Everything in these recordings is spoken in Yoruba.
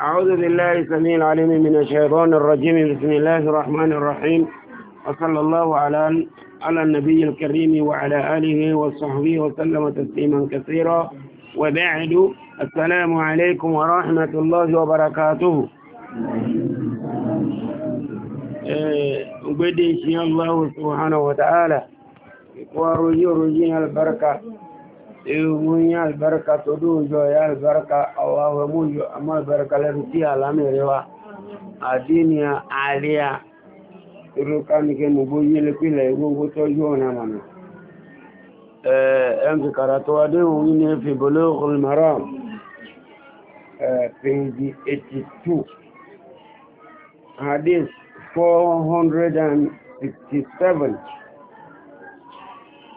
أعوذ بالله السميع العليم من الشيطان الرجيم بسم الله الرحمن الرحيم وصلى الله على على النبي الكريم وعلى آله وصحبه وسلم تسليما كثيرا وبعد السلام عليكم ورحمة الله وبركاته أه، أبدي إن الله سبحانه وتعالى ورجو رجينا البركة egun ya albarka to dojo ya albarka awawa mujo amma albarka larti alamerewa adiniya aliya iruka nike nubu yele pile egungun to yo na mana ẹn ti karatu adé òun ní fi bọ́lé olùmọ̀ràn pèjì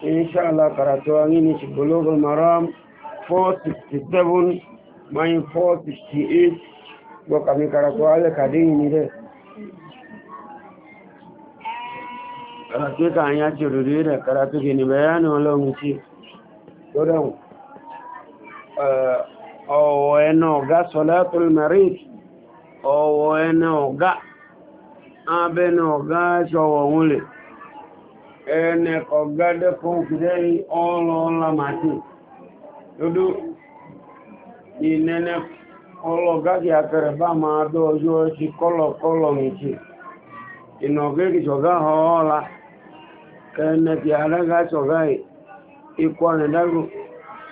inshallah karatu wa ngini ci global maram 467 main 468 bo kami karatu wa le kadin ni de karatu ka anya jururi de karatu gini bayan wala ngici dodong eh uh, o eno ga salatul marid o eno ga abeno ga jowo ngule ẹnẹ ọ̀gádẹ́ kan kìdẹ́ ọlọ́ọ̀lá màtí lódó ìnẹ́nẹ́ ọlọ́gágì akẹrẹ bá máa dọ́ ọjọ́ ti kọ́lọ̀kọ́lọ̀ nìtì ìnàgẹ́gì ṣọ̀gá ọ̀ọ́lá kẹ́ẹ̀nẹ́ ti àdága ṣọ̀gá ikú ànìdágò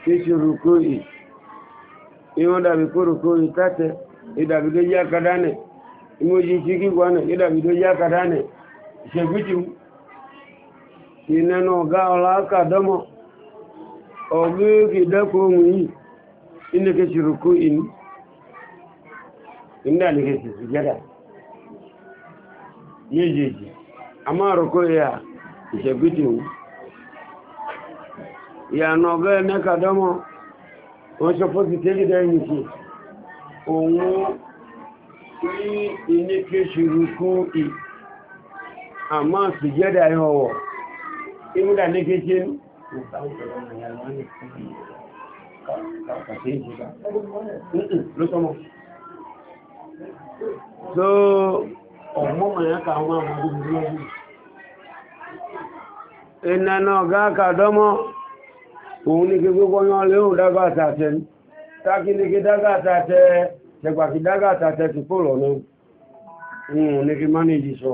kí ti rúkú yìí ìwọ́n dàbí kó rúkú yìí tàtẹ́ ìdàbí tó yá kadánẹ̀ ìmójì tí kíkọ́ ìdàbí tó yá kadánẹ̀ ìnẹnu ọ̀gá ọ̀la kàdọ́mọ̀ ọ̀gbẹ́gbẹ́ dẹ́kọ̀ ohun yìí inúkẹ́ ṣùrùkú inú inú àlẹ́kẹ́ ṣùrùkú jẹ́dà méjèèjì a máa rọ̀kọ́ ya ìṣẹ̀gbìtì ohun ìyànà na ẹ̀nẹ́ kàdọ́mọ̀ wọ́n sọ fọ́ ti tẹ́lẹ̀dẹ́ ìyìnkì òun ní inúkẹ́ ṣùrùkú ì àmọ́ in da nake ce so ọmọmọ ya ka àwọn àwọn gbogbo ọdún ìnànà ọ̀gá kàdọ́mọ́ òun ní kí gbogbo yán lè ó dágbà àtàtẹ́ ní tákí ní kí dágbà àtàtẹ́ ṣẹgbàkí dágbà àtàtẹ́ ti kó lọ náà òun ní kí mánéjì sọ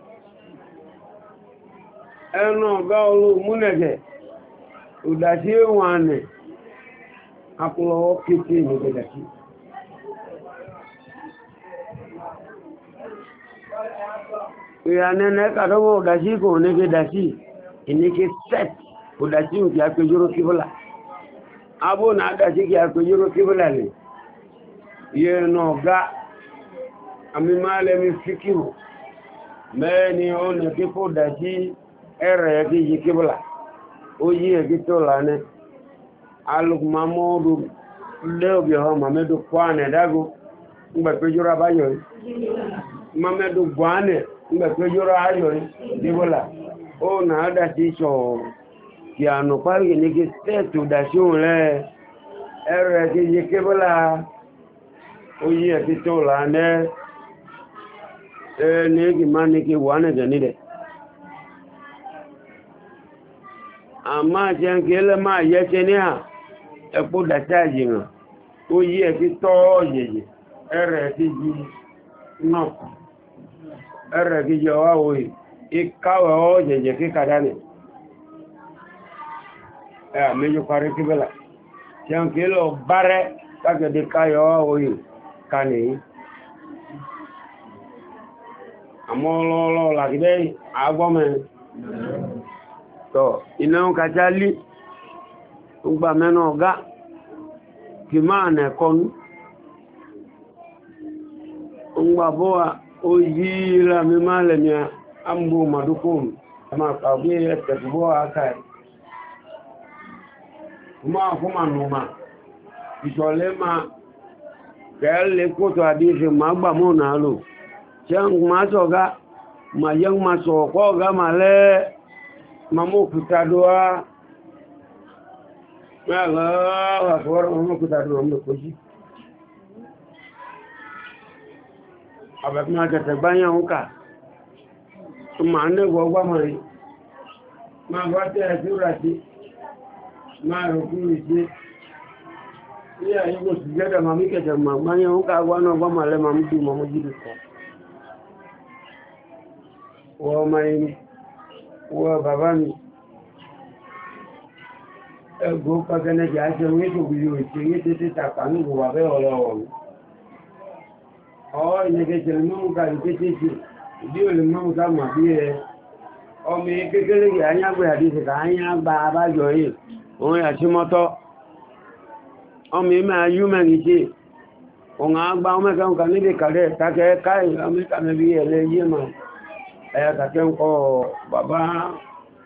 ẹnu ọ̀gá olú múnẹ̀gẹ̀ ìdàtí ìwọ̀n ànẹ̀ akọlọwọ́ kéèké ìgbẹ̀dàtí ìrànẹ́nẹ́ kàdọ́wọ́ ìdàtí kò nígbẹ̀ ìdàtí ìníkẹ́ set ìdàtí òkè àpéjúró kíbọ́là abó na àdàtí kí lè ẹnu ọ̀gá àmì máa lẹ́mi fíkìrù mẹ́ni ó ẹ̀rẹ̀ ẹ̀kí yìí kíbùlà ó yí ẹ̀kí tó lánẹ́ alùpùpù lẹ́ọ̀bì ọ̀họ́ mọ̀mẹ́dù kwánẹ̀ dágó ngbẹ̀pẹ́jọ́rọ̀ abáyọ̀ mọ̀mẹ́dù gbọ́ánẹ̀ ngbẹ̀pẹ́jọ́rọ̀ ayọ̀ díbùlà ó nà á dàtí sọ kì ànù parí ní kí ó yí tó ní má ní kí wà nílẹ̀ àmá jẹ́ ń kí ẹlẹ́ máa yẹ́ ṣe ní à ẹ̀pọ̀ dàtí àyè hàn ó yí ẹ̀ ti tọ́ yẹ̀yẹ̀ ẹ̀rẹ̀ ti yí náà ẹ̀rẹ̀ ti yẹ wá òye ìkáwẹ̀ ọ́ yẹ̀yẹ̀ kíkà dání ẹ̀ àmẹ́jọ parí kíbẹ̀lá jẹ́ ń kí lọ bárẹ́ kákẹ́dẹ́ káyọ̀ òye ká nìyí àmọ́ ọlọ́ọ̀lọ́ làkídẹ́ àgbọ́mẹ́ tọ́ ìlẹ́un kàjálí gbà mẹ́nà ọ̀gá kì máa nà ẹ̀kọ́nú gbà bọ́wà ó yí ra mi máa àmúgbò màdúkùn ẹmà pàgbé ẹ̀tẹ̀gbọ́ àkàì máa fún mànùmà ìṣọ̀lẹ́ máa kẹ́ẹ̀lẹ́ kótó àdíṣe máa gbà mọ́ náà lò ṣe ń máa sọ̀gá yẹ́ ń máa ọ̀gá mọ́mú òkúta dúwá mẹ́lọ́wọ́ àfọwọ́rọ̀ mọ́mú òkúta dúwá mọ́ ìkójí àbẹ̀kùn àjẹ̀tẹ̀ gbáyà ń kà tó máa ń lẹ́wọ̀ ọgbámọ̀rin máa bá tẹ́ ẹ̀ tí ó rà sí máa rò fún ìṣe ilé àyíkò sì jẹ́dẹ̀ máa mí kẹ̀kẹ̀ máa gbáyà ń kà wá náà gbámọ̀lẹ́ máa ń dùn mọ́mú jíde kọ́ wọ́n máa ń wọ bàbá mi ẹgbò pàtẹ́lẹ́jì àti ohun ìṣògbìlì òtí ní títí tàpá ní gbogbo àbẹ́ ọ̀rọ̀ ọ̀rọ̀ ọ̀ ìyẹ̀kẹ̀kẹ̀ lọ́mọ́mùká ìkéjèèjì ìdí olùmọ́mùká mọ̀ bí ẹ ọmọ kékeré yìí anyágbé àdíṣẹ́ ká anyágbá abájọ yìí òun àti mọ́tọ́ ọmọ ìmọ̀ ayú mẹ́rin tí òun àgbà ọmọ ẹ̀kẹ́ ẹ̀yà kàkẹ́ di bàbá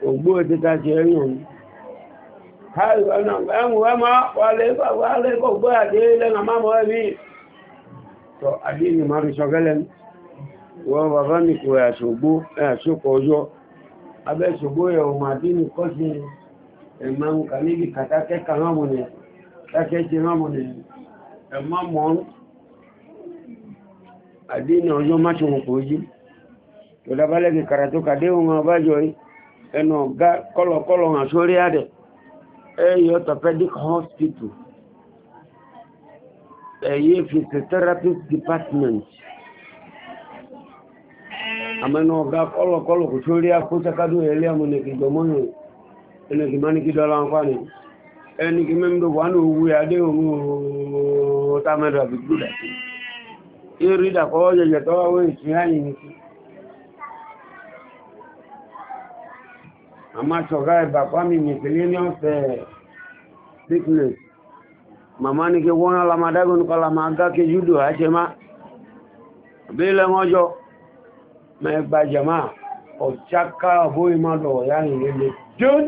ògbó ètìta ti ẹ̀yùn ẹ̀mù ẹmọ wàlẹ̀ wàlẹ̀ ògbó àti lẹ́nà mámọ́ ẹ̀mí tọ́ àdí bàbá mi kò adịghị ẹ̀ṣòkò ọjọ́ m. ẹ̀hùn bàbá ni kọ́ sí ẹ̀mọ́ kàníbi kàtàkẹ́ tolabalẹ́gì karatu kàdé ohun ọbájọ́ ẹnu ọ̀gá kọlọ̀kọlọ̀ hàn sórí àdẹ̀ ẹ̀yí orthopedic hospital ẹ̀yí physiotherapist department àmẹ́nu ọ̀gá kọlọ̀kọlọ̀ kò sórí akóṣakádùn ẹ̀lẹ́ àmú nìkìjọmọ́nù ẹnìkì má nìkìjọ láǹfààní ẹnìkì mẹ́mdọ̀ wà ní owó adé ohun ọ̀tá mẹ́rọ àbíkú dàtí ìrídàkọ́ ọjọ́ ìjẹ̀tọ́wọ́ ìsìn màmá ṣọ̀gá ẹ̀bà pàmì mìtìlẹ́niọ́n fẹ́ sickness màmá ní kí wọ́n alamadágún kọ́ la máa gá kejì dò àṣẹ má bí lẹ́wọ́jọ́ mẹ́gbà jẹ̀má ọ̀cháká ọ̀bóyí má lọ ọ̀yá ìrẹ́lẹ̀ dún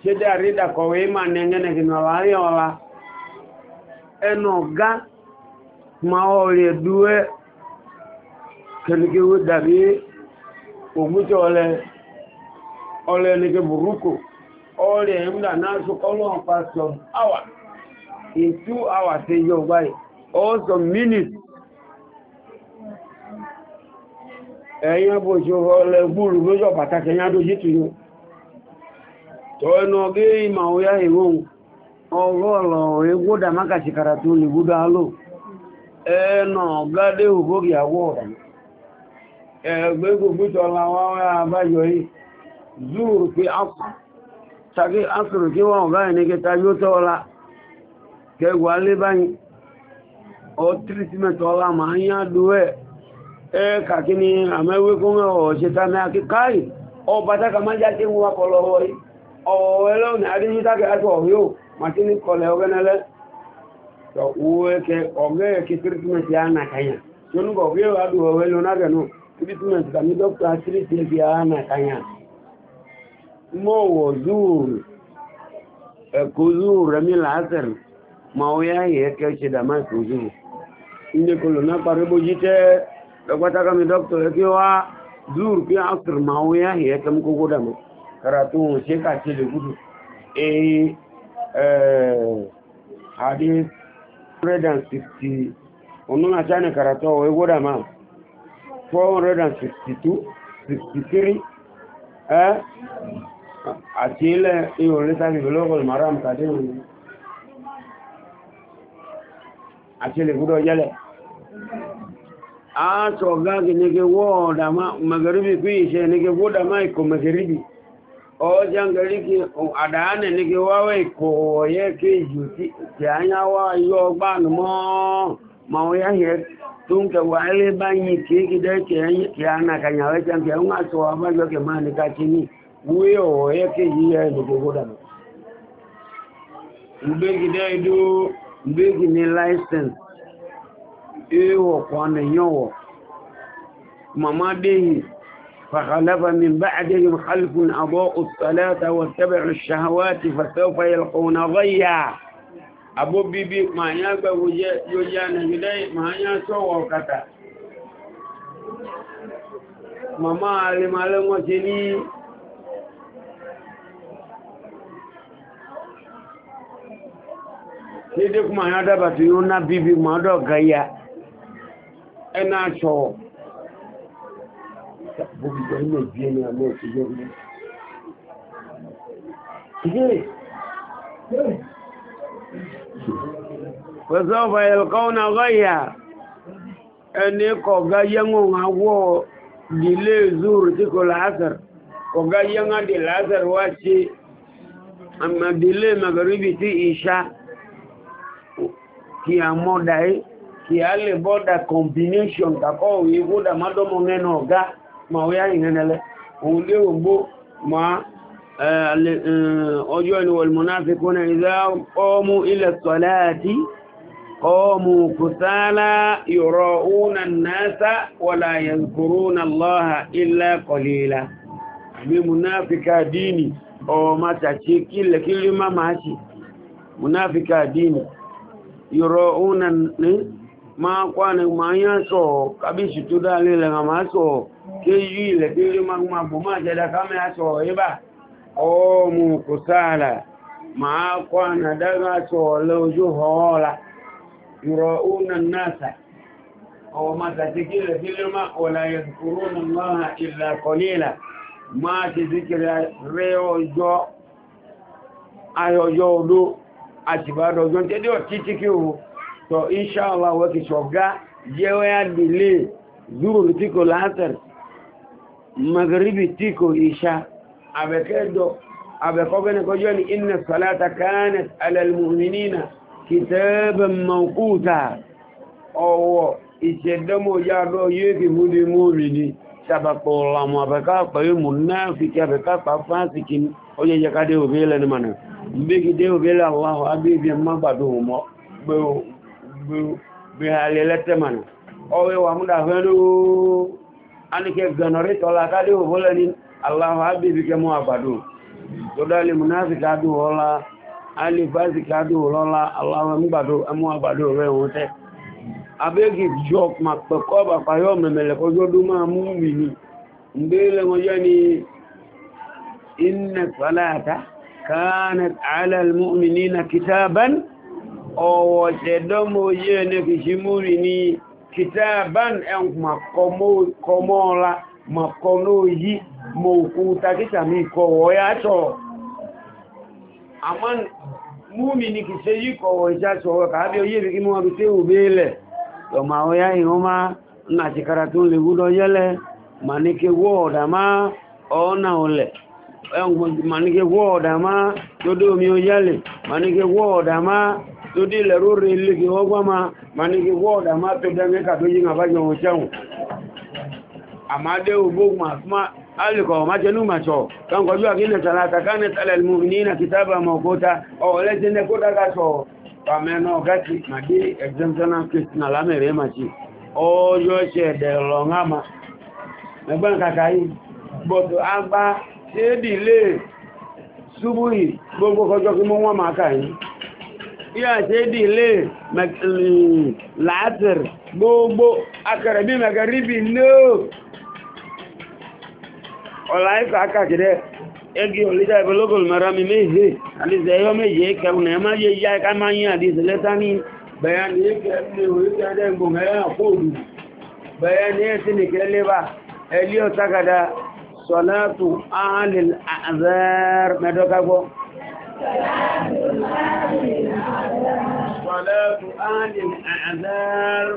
ṣe dé àrídà kọ̀wé má nẹ́gẹ́nẹ́ kí nà láàárín ọ̀la ẹnu ọ̀gá máa ọ̀rẹ́ Ogbute ọlẹ́ ọlẹ́ ẹnìkẹ́ burúkú ọlẹ́ ẹ̀mdà náà sọkọ́ lọ́wọ́ pa some hour in two hours ṣe yọ báyìí or some minutes ẹ̀yìn àbòjò ọlẹ́ gbúrù lójọ pàtàkì ẹ̀yìn àdójí tù yóò tọ́ ẹnu ọgẹ́ òyà ìwọ̀n ẹgbẹ́gbẹ́gbẹ́tọ̀ làwọn àbájọ yìí zúrù pé tàbí ákùrù kí wọ́n báyìí ní kẹta yóò tọ́ ọlá kẹwàá lé báyìí ọ tírítímẹ̀tọ̀ ọlá ma ń yá dó ẹ̀ ẹ kàkí ni àmẹ́wé kún ọ̀ṣẹ́ tàbí akíkáì ọba tákà má jáde ń wakọ̀ lọ́wọ́ yìí ọ̀ẹ́lọ́nà adéyítàkẹ́ treatment kami doctor treat yake ana kanya mowo zuru e kuzuru mi laser mawya yake shi da ma kuzuru inde kullu na karibu jite lokata kami doctor yake wa zuru ki asr mawya yake mko goda mu karatu she ka ce e, e, da gudu eh eh hadith 160 wannan a ne karatu wai goda ma 462 63 eh àti ilẹ̀ ihò lítàrí global maram kàdé òun àti ilẹ̀ gúdọ̀ jẹ́lẹ̀ a sọ gáàgì ní kí wọ́n dàmá magaribi kí iṣẹ́ ní kí wọ́n dàmá ikọ̀ magaribi ọjọ́ gari kí àdáánẹ̀ ní kí wáwẹ́ ikọ̀ ọ̀yẹ́ kí jù tí àyáwá yọ gbáàmù mọ́ mau yang ya tung ke wale banyi ki ki de ke ki ana ka nyawe chan ke unga so aba yo ke mani ka chini uyo ye ke yi ya ni ke goda no mbe ki de do mbe ki ni license e wo kwa ne nyowo mama de فخلف من بعدهم خلف أضاءوا الصلاة واتبعوا الشهوات فسوف يلقون ضيّا abobibi màáyá gbẹ̀wò yóò yá nàìjíríà màáyá sọ́wọ́ ọ̀kàtà màmá alẹ́màálẹ́ wọ́n ti ní nídé kú màáyá dábà tí ó ná bíbí màádọ́ gáyà ẹ̀nà sọ́wọ́ gbogbo ilé ìbí ẹni àmọ́ òṣìṣẹ́ ilé fẹ́sọ́fà ẹ̀lkọ́nà gọ́yà ẹni kọ̀gá yẹ́ngùn àwọ̀ dìlé zúrù tí kò láásàr kọ̀gá yẹ́ngà dì láásàr wá sí àmà dìlé magaribi tí ìṣá kí a mọ́dá yìí kí a lè bọ́dà combination takọ́ òye da mádọ́mọ́ mẹ́nà ọ̀gá ma ó yá ìrìnlẹ̀ òun lé ògbó ma ọjọ́ ìlú wọ̀lmọ́ná fi kún ilẹ̀ sọ́láàtì قاموا كسالى يراؤون الناس ولا يذكرون الله إلا قليلا بمنافق ديني أو ما تشيكي لكل ما ماشي منافق ديني يراؤون ما قوان ما ينسو كبيش تدالي لما ما سو كيجي لكل ما ما بما جدا كما يسو إبا قاموا كسالى ما قوان دغا سو لوجو هولا يراؤون الناس أو ما تذكر فيلما ولا يذكرون الله إلا قليلا ما تذكر ريو جو ayo yo odo àtìbádọ̀ ọjọ́ tẹ́lé ọ̀tí tí kí o tọ̀ inṣáàlá wọ́kì ṣọ̀gá jẹ́wẹ́ àdìlé zúrù tí kò látàrí magaribi tí kò ìṣá àbẹ̀kẹ́dọ̀ àbẹ̀kọ́bẹ̀nẹ́kọjọ́ ni inna salata kanat alalmu'minina kìtẹ́ẹ̀bẹ̀ mọ̀kúta ọwọ́ ìṣẹ̀dẹ́mọ̀ yàrọ̀ yéèkì múdí múrí ni sàbàpọ̀ ọ̀làmù àbẹ̀ká pẹ̀lú mù náà fi kí àbẹ̀ká pa fásitì ọjọ́ ìjẹ́kádé òbí lẹ́nu mọ̀nà mbégidé òbí làwọn abébí mọ́gbàdo mọ́ gbé alẹ́ lẹ́tẹ̀ alifazikado lọ́la aláwọ̀ nígbàdó ẹmú àgbàdó rẹ̀ wọ́n tẹ́ abẹ́gì jọ ma pẹ̀kọ́ bàbá yọ mẹ̀mẹ̀lẹ̀ kọjọ́ ló máa mú mi ni ǹbẹ́lẹ̀ wọn jẹ́ ni iná sọ́láàtà kánà alàlmú mi ní na kìtàbán ọ̀wọ̀ tẹ̀dọ́mọ̀ yẹ́ ní kìí mú mi ní kìtàbán ẹn ma àmọ́ múmi ni kì ṣe yíkọ̀ ọ̀wọ̀ iṣẹ́ ṣọ̀wọ̀ kàábí oyé bí kí mú wọn bí tí ò bèèlẹ̀ ọmọ àwọn ya ìran máa ń àṣìkára tó lè wúdọ yẹ́lẹ̀ màníkẹ wọ́ ọ̀dà máa ọ̀ọ́nà ọ̀lẹ̀ màníkẹ wọ́ ọ̀dà máa tó dé omi wọ́ ọ̀dà máa tó dé ilẹ̀ ilé kí wọ́n gbọ́n máa màníkẹ wọ́ ọ̀dà máa tó dẹ́ tó yí alìkọ̀ májẹ̀lú màṣọ̀ kankọjú àkílẹ̀ tàlátà káàkiri tàlẹ̀lmù ní ìnà kìtàbà mọ̀kóta ọ̀ọ̀lẹ́ tí ó dága sọ pàmẹ́nà ọ̀gáṣì màdé exemptional christian alámẹ̀rẹ́ màṣì ọjọ́ ṣẹ̀dẹ̀ lọ́ngàmà ẹgbẹ́n kàkà yìí bọ̀tọ̀ agbá tẹ́ẹ̀dì lè ṣubú yìí gbogbo kọjọ́ kí mọ́ wọ́n máa kà yìí yíyà tẹ́ẹ̀dì mm, lè látìr gbogbo akẹrẹ̀bí mẹ́kẹrìbì náà ọ̀láìfà kàkìdẹ́ ẹgbì olídà ìbọlógún mara mi méje àdìsẹ́ ẹyọ méje kẹun ẹ̀ máa yẹ yá ẹ̀ká máa yín àdìsẹ́ lẹ́tà ní bẹ̀yà ní ẹ̀kẹ́ ní oríṣi ẹ̀dẹ́gbọ̀n ẹ̀yà fóòdù bẹ̀yà ní ẹ̀sìn nìkẹ́ lébà ẹ̀lí ọ̀tàkàdà sọ̀látù áhàlìl àzẹ́r mẹ́dọ́kagbọ́ sọ̀látù áhàlìl àzẹ́r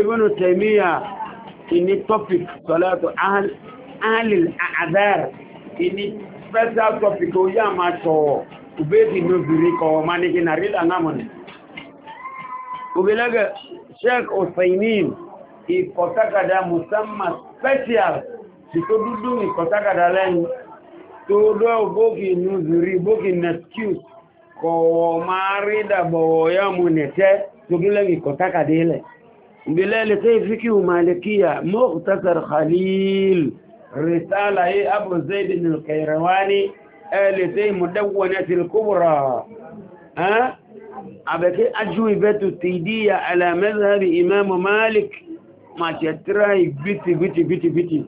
ibùnú tẹ̀míyà ìní topic sọ́lọ́tọ̀ alìl àdáàr ìní special topic ó yá máa ṣọ̀wọ̀ ubeti nobiri kọwọ maniki na rila namoni ubilaga sheik osainin ìkọ̀tákàdá musamman special ti tó dúdú ìkọ̀tákàdá lẹ́nu tó dọ́ bókì nùzùrí bókì nẹ́skúsì kọ̀wọ̀ máa rí dàbọ̀wọ̀ yá mú nẹ̀tẹ́ tó gílẹ̀ ìkọ̀tákàdá ilẹ̀ بلال سيفك ومالكية مختصر خليل رسالة أبو زيد الكيرواني التي مدونة الكبرى ها أبكي أجوبة تيدية على مذهب إمام مالك ما تتراي بيتي بيتي بيتي بيتي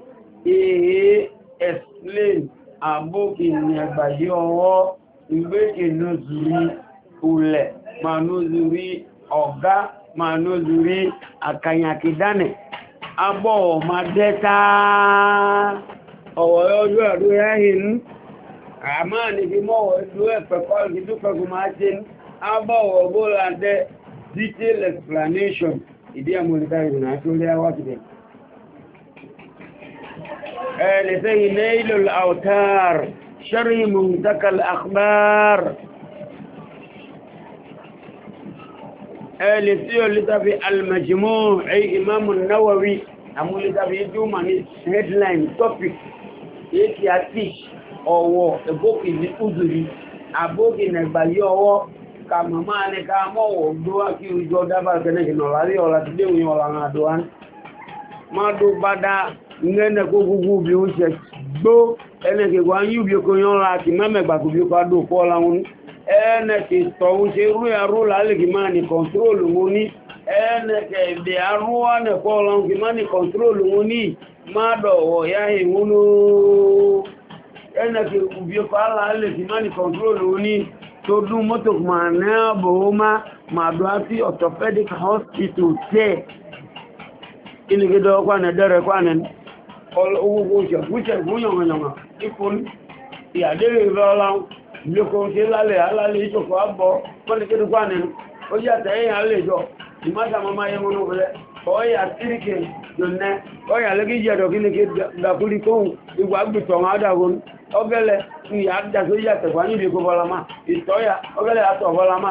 إيه explain أبوك النبي هو بيتي نزري أولى ما نزري أوغا manozuri akanyakidane abo madeta ọwọ́ ọjọ́ ẹ̀rú ẹ̀hìn àmá níbi mọ́wọ̀ ìlú ẹ̀pẹ̀kọ́ e ìdúpẹ̀kù máa ṣe ní abọ́wọ̀ bóòlàdẹ́ detail explanation ìdí àmúlùká ìrìnà tó rí àwọ́kìdẹ̀ ẹ̀lẹ́sẹ̀yìn náà ìlú àwọ̀tàr ṣẹ́rìn mùntàkàl ẹlẹ́síò lítàfi alìmọ̀jìmọ́ ẹ̀yí imamu náwàwí àmú lítàfi ìjúmà ní headline topic èkì àti ọ̀wọ̀ ẹ̀bókì ní ọwọ́ ka màmá ní ká mọ́wọ̀ gbówá kí ojú ọdá bá gẹ́nẹ́ ìnọ̀lá rí ọ̀lá ti dé òyìn ẹnẹ̀kì tọ̀hún ṣe rú ẹ̀rú lálẹ́kì máa ní kọ̀ntróòlù wọn ní ẹnẹ̀kì èdè arúwá nẹ̀kọ́ ọlọ́nkì máa ní kọ̀ntróòlù wọn ní máa dọ̀wọ̀ ya ìwúnú ẹnẹ̀kì òbíọ́kọ́ alálẹ́kì máa ní kọ̀ntróòlù wọn ní tó dún mọ́tò máa ní ààbò má máa dùn á sí orthopedic hospital tẹ́ ìlẹ́gẹ́dọ́ kwánẹ̀ dẹ́rẹ̀ kwánẹ̀ owó gbóṣẹ̀ fúnṣẹ̀ fún yànmọ̀yànmọ̀ ìfún ìyàdẹ́rẹ̀ lóko ṣe lálẹ̀ alálẹ̀ ìṣòkò àbọ̀ pọ́lẹ̀kẹ́dùkú ànẹ́nu ó yàtọ̀ ẹ̀yìn alẹ́jọ́ ìmátàmọ́má yẹ mọ́nú ọ̀rẹ́ ọ̀yà tíríkẹ̀ lónẹ́ ọ̀yà lẹ́kí kí ní kí dàkúrí kóhùn ìgbà gbìtọ̀ wọn àdàgún ọgẹ́lẹ̀ ìyá àdàsó yàtọ̀ wá níbi kó bọ́lámà ìtọ́yà ọgẹ́lẹ̀ àtọ̀ bọ́lámà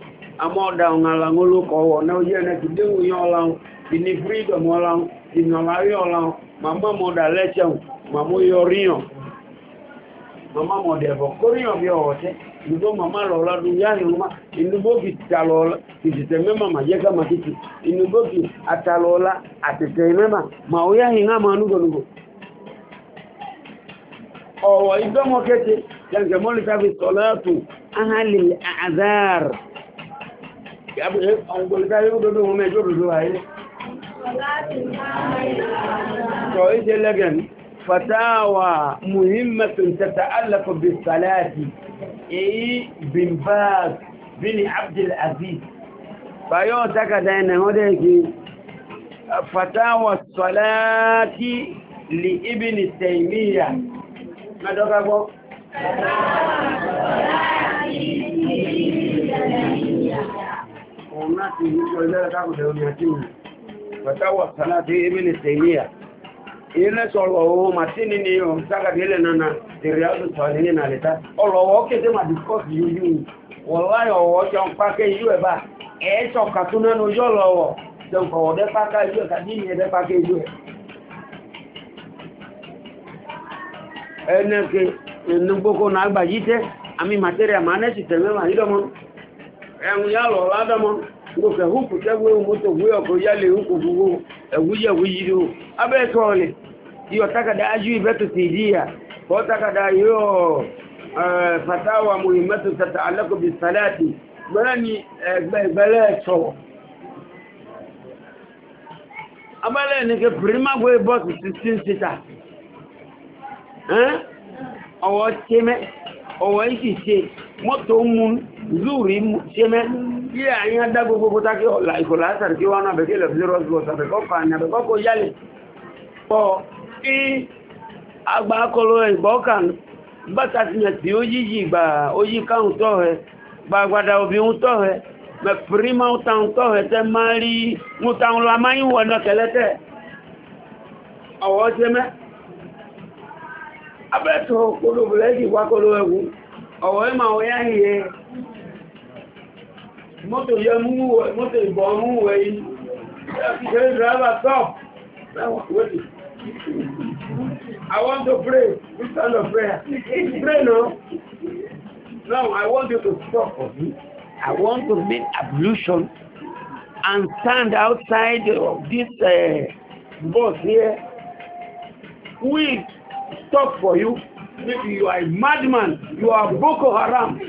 amọ́ọ̀dà ọ̀nàlà olókọ̀ ọwọ̀ náà ó yẹ́ ẹ̀nà ti déhù yán ọ̀la ọ̀ ti ní freedom ọ̀la ọ̀ ti nàlá rí ọ̀la ọ̀ màmá mọ̀dà lẹ́tẹ̀ ọ̀ màmú yọ ríyàn màmá mọ̀dà ẹ̀bọ̀ kó ríyàn bí ọ̀wọ̀ tẹ́ ìdúgbò màmá lọ́la dùn yá ni wọ́n ìdúgbò fi talọ́la ìtìtẹ̀ mẹ́mà mà jẹ́ káma títì ìdúgbò fi atalọ́la àtìtẹ̀ mẹ́mà mà ó yá yìí hàn máa núgọ̀nùgọ̀ ọ̀wọ̀ ìdọ́mọ̀kẹ́tẹ̀ yàtọ̀ mọ́lítàfi sọ̀lá tù àzáàrù àwọn olùdarí òdodo wọn mẹ́jọ òdodo ayé sọ ìṣe lẹ́gẹ̀n fatawa muhimmatun tata'allaqu bis salati èyí bin baz bin abdul aziz bayo takada ina wọ́dẹ̀ kí fatawa salati li ibn taymiya na dọ́gbọ́ fatawa salati ونأتي بذلك أخذ وليتمنا فتوى الصلاة ابن التيمية ilé sọ̀rọ̀ owó màtí ní ní ọ̀n sákàtílẹ̀ nana tèrè àtúntò ní nàlẹ́ta ọ̀rọ̀wọ́ kéde ma discourse yíyú wọ́n láyọ̀ ọ̀wọ́ jọ ń pàkẹ́ yíyú ẹ̀ bá ẹ̀ sọ̀kà tún nánú yọ́ lọ́wọ́ jọ ń kọ̀wọ́ dẹ́ pàkà yíyú ẹ̀ tàbí ìyẹn dẹ́ pàkẹ́ yíyú ẹ̀. ẹnẹ́kẹ́ ẹnugbókò náà gbàyí tẹ́ àmì màtẹ́rẹ̀ àmà anẹ́sì tẹ̀mẹ́ màá ẹ̀hùn yà lọ ládọ́mọ́ gbogbo ẹ̀hùnkù tẹ́gbẹ́ mọ́tò wúyọ̀ kò yálẹ̀ ẹ̀hùnkù gbogbo ẹ̀wúyẹ̀wú yìí o abẹ́ tọ́ọ̀lẹ̀ yíò takàdá ajú ìbẹ́tò sí ìdí yà kọ́ takàdá yíò fatawa muhimmatu tata alákòbí salati gbẹ́rẹ́ ni ẹgbẹ́gbẹ́rẹ́ sọ̀wọ̀ abẹ́lẹ̀ ní kí pírímàgbé bọ́ọ̀sì 16 sita ọwọ́ ṣe mẹ́ ọwọ́ ìṣìṣe mọ́tò mú zuri seme yeye anya dago gogo taki la ikola sar ki wana be kele zero go sa be ko fanya be ko yale o i agba kolo e bokan bata ti ti ojiji gba oji kan to he gba gbada obi un to prima un tan to he te mari mu tan la mai wona kelete awo seme abeto kolo bleki wa kolo ewu ọ̀wọ́ ẹ̀mà ọ̀yá ìyẹ́ mọ́tò yẹ múwẹ̀ mọ́tò ìbọ̀ múwẹ̀ yìí ṣe driver stop wait I want to pray which kind of prayer pray no now I want you to stop for me I want to make ablution and stand outside of this uh, bus here we stop for you maybe you are a madman you are Boko Haram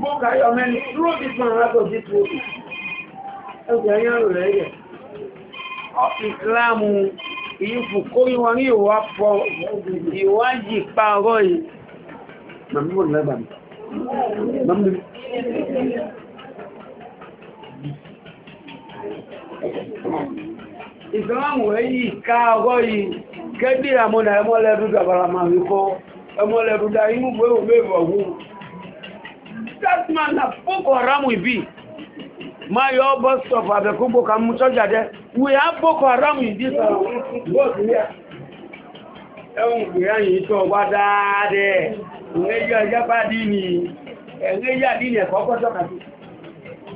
book are your men throw this man out of this book ẹgbẹ̀ ẹ̀yà rẹ̀ yẹ̀ ìsìláàmù ìyífù kó yíwọn ní ìwà pọ̀ ìwájì pààrọ̀ yìí màmí wọ́n lẹ́gbà mi màmí ìsìláàmù èyí káàrọ̀ yìí kẹ́bí àmúnà ẹmọ́lẹ́dúdà bàrà màmí kọ́ ẹmọ́lẹ́dúdà inú gbé òmèrè ọ̀gbùn salesman na boko haram we be my your bus stop abekubo kan mu church there we have boko haram in this house. bus here ẹ̀hùn ìgbìyànjú tó wá dáadẹ́ ìrẹ́jú ọjọ́pá dí ni ẹ̀rẹ́jú àdí ni ẹ̀kọ́ kọ́sọ̀ kàtí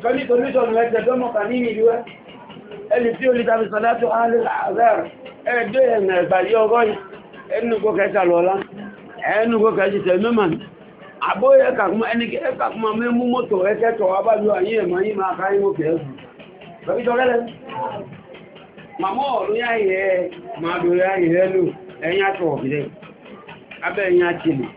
kọ́lí solúṣọ̀nù ẹ̀jẹ̀ tó mọ̀kà ní ìlú ẹ́ ẹni tí ó lè tàbí sọ́dátù alẹ́lẹ́ ẹ̀ẹ́dẹ́ ẹ̀nà ìgbàlẹ́ ọgọ́ àbóyẹ kàkùnmọ́ ẹnikẹ́ kàkùnmọ́ mẹ́mú mọ́tò ẹkẹ́tọ̀ abájú àyí ẹ̀mọ́ yí máa ká yíò kẹ́ ẹ̀kù lọ́bítọ́gẹ́lẹ́ màmọ́ ọ̀rún yá ìhẹ́ máa dò yá ìhẹ́ lò ẹ̀yìn àtọ̀ ọ̀gẹ́lẹ́ abẹ́ ẹ̀yìn àtìlẹ̀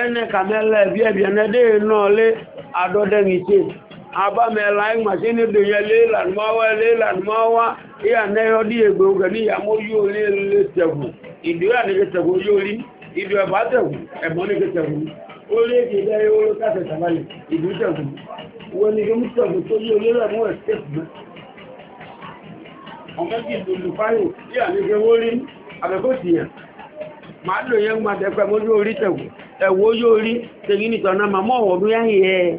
ẹnẹ kàmẹ́lẹ̀ bí ẹ̀nẹ́dẹ́ náà lé abamela machine dunya lela mawa lela mawa ya nayo die goga ni ya moyo lele tabu idia ni tabu yoli idia batabu e moni ke tabu ole ke dai ole ka se tabali idia tabu woni ke mutabu to yo lela mo statement ọmọ kí lulu fáyò tí à ní fi wó rí àbẹ̀kọ́sìyàn máa lò yẹn gbàdẹ̀pẹ̀ mọ́jú orí tẹ̀wọ̀ yóò rí tẹ̀yìn nìkan náà màmọ́ ọ̀wọ̀ bí yáyìí ẹ̀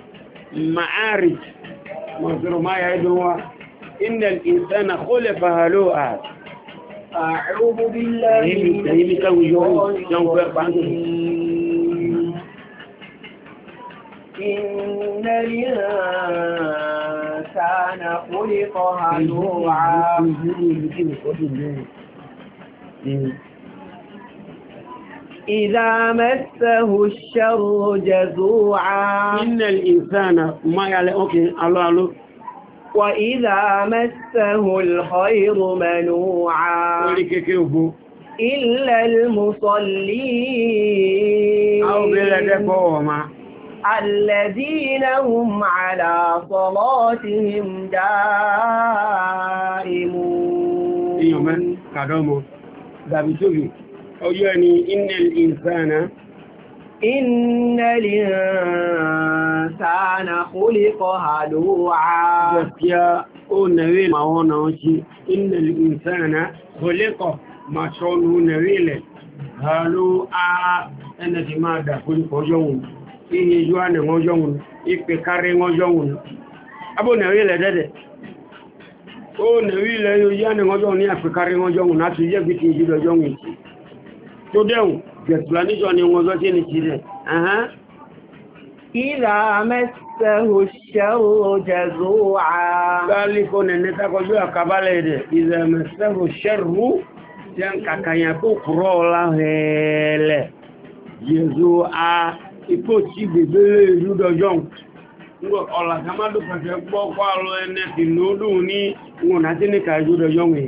ma'arij masu ma ya yi dunwa inda insana kole fahalo a أعوذ بالله من الشيطان إن الإنسان خلق هلوعا إذا مسه الشر جزوعا إن الإنسان ما يعلم أوكي الله أعلم وإذا مسه الخير منوعا إلا المصلين أو بلدكوما الذين هم على صلاتهم دائمون إيوما كادومو دابي ọjọ́ ẹni innal insana innal insana khuliqa halu'a gaskiya o nawe ma wana shi innal insana khuliqa ma shonu nawe le halu'a ẹni tí máa dà khuliqa ọjọ́ wọn ihe ju anẹ ọjọ́ wọn ipe kárí ọjọ́ wọn abó nawe le dẹ́dẹ̀ ó nẹ̀rí ilẹ̀ yóò yá ní ọjọ́ ní àfikàrí ọjọ́ òun láti yẹ́gbìtì ìjìdọ̀jọ́ òun ìtì tó dẹ̀wù explanation ni wọ́n sọ́tí ní ṣílẹ̀ ìlà mẹ́sẹ̀hù ṣẹ́hù jẹ̀zú àá gáàlìkò nẹ̀ẹ́ takọjú àkàbálẹ̀ rẹ̀ ìlà mẹ́sẹ̀hù ṣẹ́rù tí ń kàkàyà kó kúrọ̀ láhẹ̀ẹ́lẹ̀ jẹ̀zú àá ipò tí gbègbélé ìlú dọjọ́ ọ̀làkàmádùn pẹ̀fẹ́ gbọ́ pààlọ́ ẹnẹ́ tìlódùn ní wọn àti ní kàájú dọjọ́ wọ̀nyí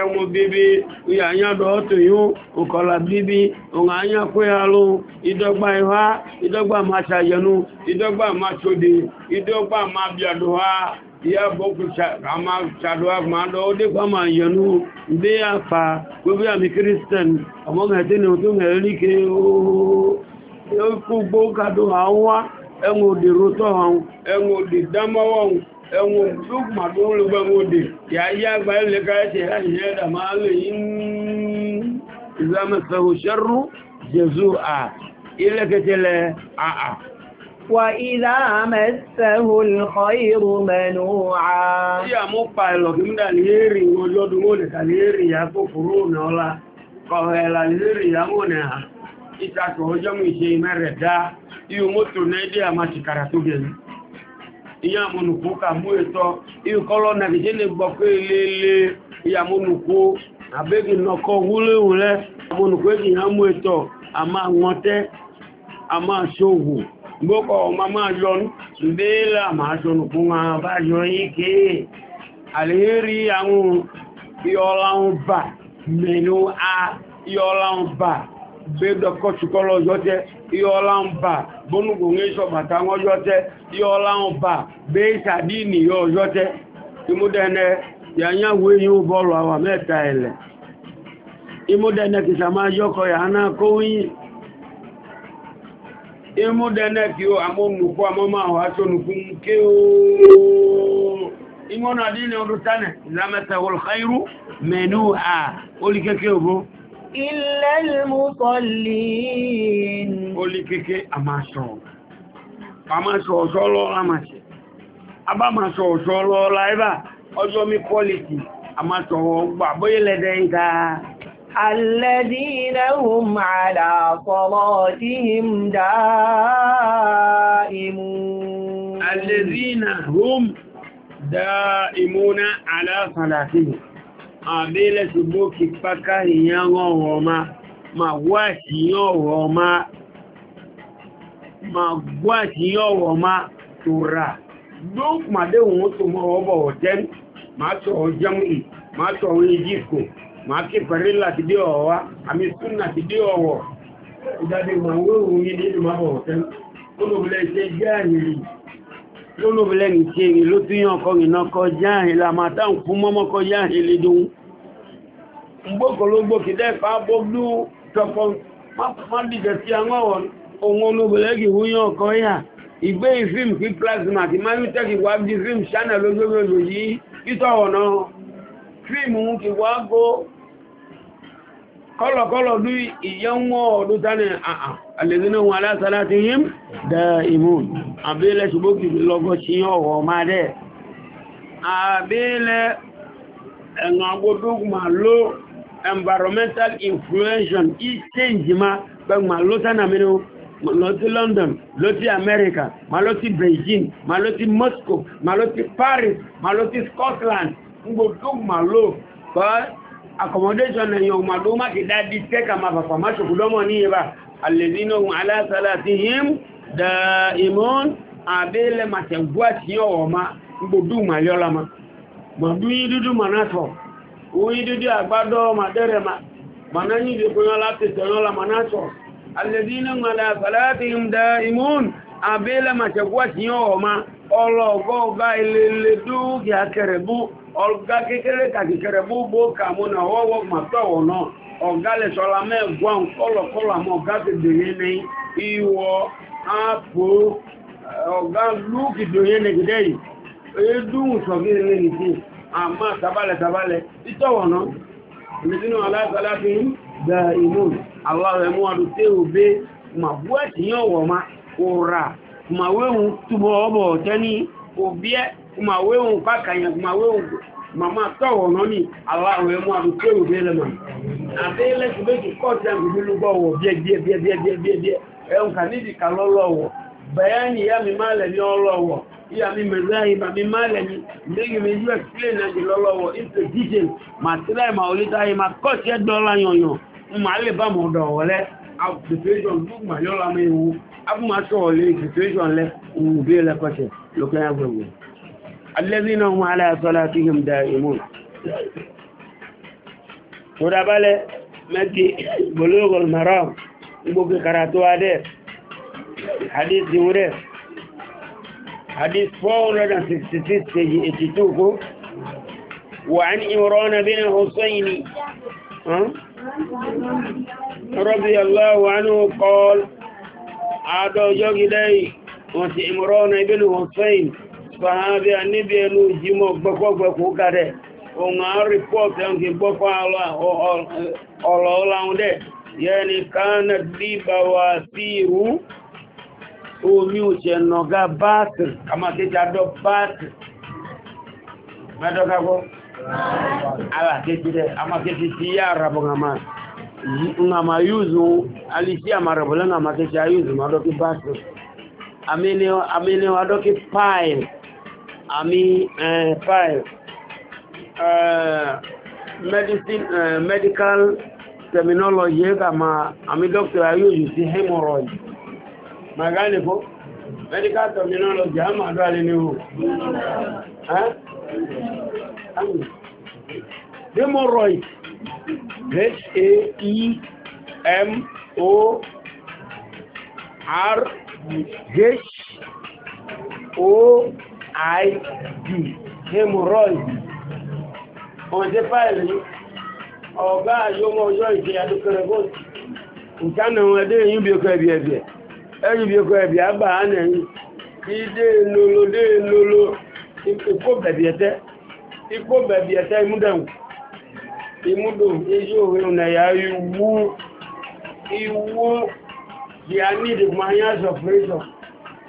ẹwọ bíbí ìyà anyádọ̀ ọ̀tọ̀ yíó òkọ̀lá bíbí òun ya pé alú ìdọ́gba ìhá ìdọ́gba máa ṣàyẹnu ìdọ́gba máa ṣòdì ìdọ́gba máa bíàdọ̀ wá ìyá bọ́kù máa lọ máa yẹnu gbé àfà gbogbo àmì kírísítẹ̀n ọmọ gẹ̀ẹ́tẹ́ ẹ̀wọ̀n tó mà tó ń lọ́gbà wòdè yà yá àgbà ilẹ̀ káyẹ̀ṣẹ̀ láyẹ̀ ẹ̀dà máa lè ìzámẹ́sẹ̀wò ṣẹ́rú jẹ́zú à ilẹ̀kẹ́tẹ̀lẹ̀ àà wà ìzámẹ́sẹ̀wò ìkọ̀ìrù mẹ́nu à tí a mú pa ìlọ̀kímdà ní èrì ọjọ́dún ìyàmùnùkú kà mú ètò ìkọlọ nàìjíríà lè gbọ́ pé léèlé ìyàmùnùkú àbẹ́gì nọkọ wúléwúlẹ́ àmùnùkú èkì yàn mú ètò àmà a àmà ṣòwò gbọ́kọ̀ ọmọ máa yọ bẹ́ẹ̀lá àmà ṣònùkú wọn bá yọ yìí kéè àlérí àwọn ìyọ́láwọn bà mẹ́nu a ìyọ́láwọn bà gbẹ́dọ̀kọ́ ṣùkọ́ lọ́jọ́ jẹ́ yọ́lá ń bà bónúgbò ní ṣọ̀bàtà wọ́n yọ́tẹ́ yọ́lá ń bà bẹ́ẹ̀ sàdínì yọ́ yọ́tẹ́ ìmúdẹ́nẹ́ yànyáwó yíó bọ́ọ̀lù àwà mẹ́ta ẹ̀lẹ̀ ìmúdẹ́nẹ́ kì sàmá yọ́kọ̀ yàáná kówíyìn ìmúdẹ́nẹ́ kí ó àmónùkú Ilẹ̀ ìmúkọlì ó lè kéèké a máa sọ. A máa sọ ọ̀ṣọ́ lọ lámàṣẹ́. A bá máa sọ ọ̀ṣọ́ lọ láìbà ọjọ́ mi kọ́lìtì a máa sọ ọgbà bóyí lẹ́dẹ̀ ìta. الذين هم على صلاتهم دائمون الذين هم دائمون على صلاتهم àmìlẹ̀ ṣùgbọ́n kì pákà ìyàn ọ̀rọ̀ ọmá ma wá àṣíyàn ọ̀rọ̀ ọmá ma wá àṣíyàn ọ̀rọ̀ ọmá tó rà dók màdé òun tó mọ́ ọbọ̀ ọ̀tẹ́n ma tọ̀ ọ germany ma tọ̀ ọ egypto ma kí pẹ̀lú láti dé ọ̀wá àmì sún láti dé ọ̀wọ̀ ìdádé ma wọ́n òun yìí nínú ma bọ̀ ọ̀tẹ́n ó lò lólóbìlẹ̀ ní tí èrì ló tún yàn kọrìnà kọjá àhìlà máa táwọn fún mọ́mọ́ kọjá àhìlẹ̀ dùn gbókòlógbò kìdẹ́ fà gbógbó tọpọ̀ má dìjẹ̀ sí àwọn ohun olóbìlẹ̀ kì hú yàn kọ́ yà ìgbé ìfìm kí plasma kì máa yú tẹ́kì wá bí fíìm channel lójójó yìí kí tọ̀wọ̀ náà fíìmù kì wá gbó kọ́lọ̀kọ́lọ̀ ní ìyẹ́wọ́ ọdún tánà àà alẹ́gbẹ́nà wọn alására ti yí dá imun àbílẹ̀ ṣùgbókì lọ́gọ́ sí ọwọ́ máa dẹ̀ àbílẹ̀ ẹ̀nà environmental influence exchange ma gbẹ̀gbà ló tánà mẹ́rin ma lọ sí london lọ sí america ma lọ sí beijing ma lọ sí moscow ma lọ sí paris ma lọ sí scotland gbogbo ma lọ pẹ́ accommodation èèyàn òmàdó má ti dáadí tẹ́kà máa fàfà má ṣòkúdọ́mọ̀ ní ẹbà alèdínà ohun aláàsálà ti him da imon abẹ́lẹ̀ màtẹ̀gbú àti ọ̀wọ̀ ma gbogbo màlẹ́ọ́lá ma màdú yí dúdú mànátọ̀ oyin dúdú àgbádọ́ màdẹ́rẹ̀ ma màná yí dẹkùnyọ́ láti tẹ̀yọ́lá mànátọ̀ alèdínà ohun aláàsálà ti him da imon abẹ́lẹ̀ màtẹ̀gbú àti ọ̀wọ̀ ma ọlọ́gọ́ ọga ilele dúkì akẹrẹ̀bú ọgá kékeré kàkìkẹrẹ̀bú gbó kàmú nà ọwọ́ màtọ̀wọ̀ náà ọ̀gá lè sọ́la mẹ́gbọ́n kọ́lọ̀kọ́lọ̀ àmọ́ ọ̀gá ti ní ìwọ àpò ọ̀gá lúkì ọga kuma wewu tubo obo tani obie kuma wewu pakanya kuma wewu mama tawo noni allah we mu abu tewu bele man abele kube ki koti yangu bilugo wo bie bie bie bie bie bie bie e unka nidi kalolo wo bayani ya mimale ni olowo ya mi mezai ba mimale ni ndege meju explain na jilolowo detail ma koti ya dola nyonyo male ba mo do our situation look my yola me who abu ma so le situation le who be le ko se lo kan agbo wo alladhina hum ala salatihim daimun to da bale mati bulugul maram gbogbo karatu ade hadith diure حديث 466 سيجي اتتوكو وعن إمران بن حسين أه؟ رضي الله عنه قال عاد جوج لي وانت امرون ابن حسين فهذا النبي نجم بكو بكو كده وما ريبورت ان بكو الله اول اول اول يعني كانت دي بواسير وميوش النوغا باتر كما تيجي عدو باتر ما دوكا بو ala ke jire ama ke ti yarabo ngama na ma yuzu alishia marabulana makesha yuzu madoki basu amene amene wadoki pile ami eh, pile uh, medicine uh, medical terminology kama ami doctor ayuzu si hemorrhoid magani po medical terminology ama ndo alinihu eh hemorrhoid E H-A-E-M-O-R-H-O-I-D hemorrhoid ọ̀gá àyọmọ ọjọ́ ìṣẹ́ àdókẹrẹ bóòtù ìkánà wọn ẹdẹ́ yìí bí ọkọ̀ ẹ̀bì ẹ̀bì ẹ̀yìn bí ọkọ̀ ẹ̀bì àgbà ánẹ̀yìn ìdé lolo dé lolo ikó imudu eji ohere na ya iwu iwu ya nidi ma anya zọfụrịzọ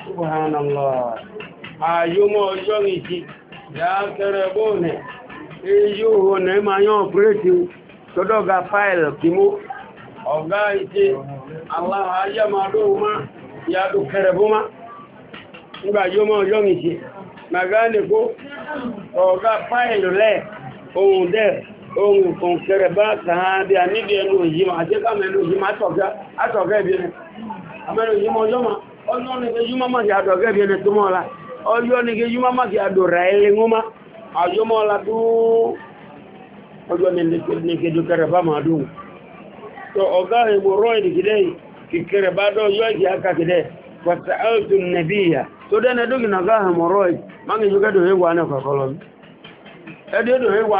subhanallah ayụmọ ọjọọ isi ya kere bone eji ohere na ọga ya nígbà yóò mọ́ ọjọ́ fáìlù lẹ́ ohun ohun kan kẹrẹ bá sàán bí a níbi ẹnu òyìnmá àjẹ́ká mẹ́nu òyìnmá àtọ̀kẹ́ bí ẹni àmẹ́nu òyìnmá ọjọ́ ma ọjọ́ ní kejì mọ́mọ́ sí àtọ̀kẹ́ bí ẹni tó mọ́ ọ̀la ọjọ́ ní kejì mọ́mọ́ sí àdòrà ẹ̀rẹ́ ńwọ́má àjọmọ́ ọ̀la tó ọjọ́ ní kejì kẹrẹ bá máa dùn tó ọ̀gá ìbò rọ́ ìdìkìdẹ́ kẹrẹ bá dọ́ yọ ìjì akàkìdẹ́ wàtà ẹ̀tùn nàbíyà tó dẹ́nà dókì nàgá àmọ̀rọ̀ ẹ̀ má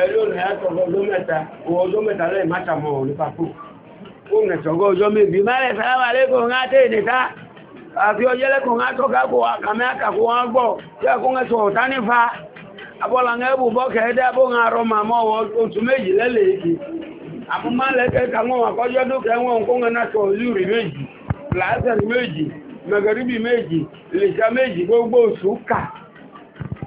ẹ̀rí òrùn ẹ̀yàtọ̀ ọjọ́ mẹ́ta owó ọjọ́ mẹ́ta lẹ́yìn máta mọ̀ òní papò ó nẹ̀ sọ́gọ́ ọjọ́ méjì mẹ́rẹ̀ sáwà lẹ́kọ̀ọ́ ń áté ìdíta àfi ọjọ́ lẹ́kọ̀ọ́ ń átọ́ka kò àkàmì àkàkò wọn gbọ́ tí ẹkùn ń ọ̀tá nífa abọ́là ń ẹ̀bù bọ́ kẹ́ẹ́dẹ́ bó ń arọ màmọ́ oṣù méjì lẹ́lẹ̀ èkì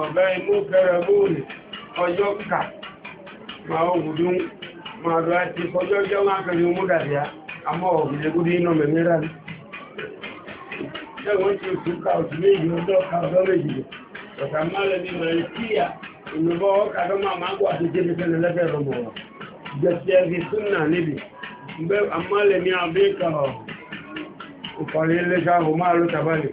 ọ̀bẹ́ inú kẹrẹ bóòlì ọjọ́ kà máa ògùdún máa lọ àti ọjọ́ jẹ́ máa kẹrin mú dàdíá àmọ́ ògùdégúdí iná mẹ́mí rárí lẹ́wọ́n tí ó tún ká òtù méjì ọjọ́ ká ọjọ́ méjì ọ̀tà máa lẹ́bí mẹ́rin kíyà ìnùbọ̀ ọkàdọ́ máa máa gbọ́ àti jẹ́ fẹ́lẹ̀ lẹ́fẹ́ rọ̀bọ̀ jẹ́sí ẹgbẹ́ súnà níbi àmọ́ lẹ́mí abẹ́kà ọ̀pọ̀lẹ́lẹ́ṣà ọmọ àlọ́tàbálẹ̀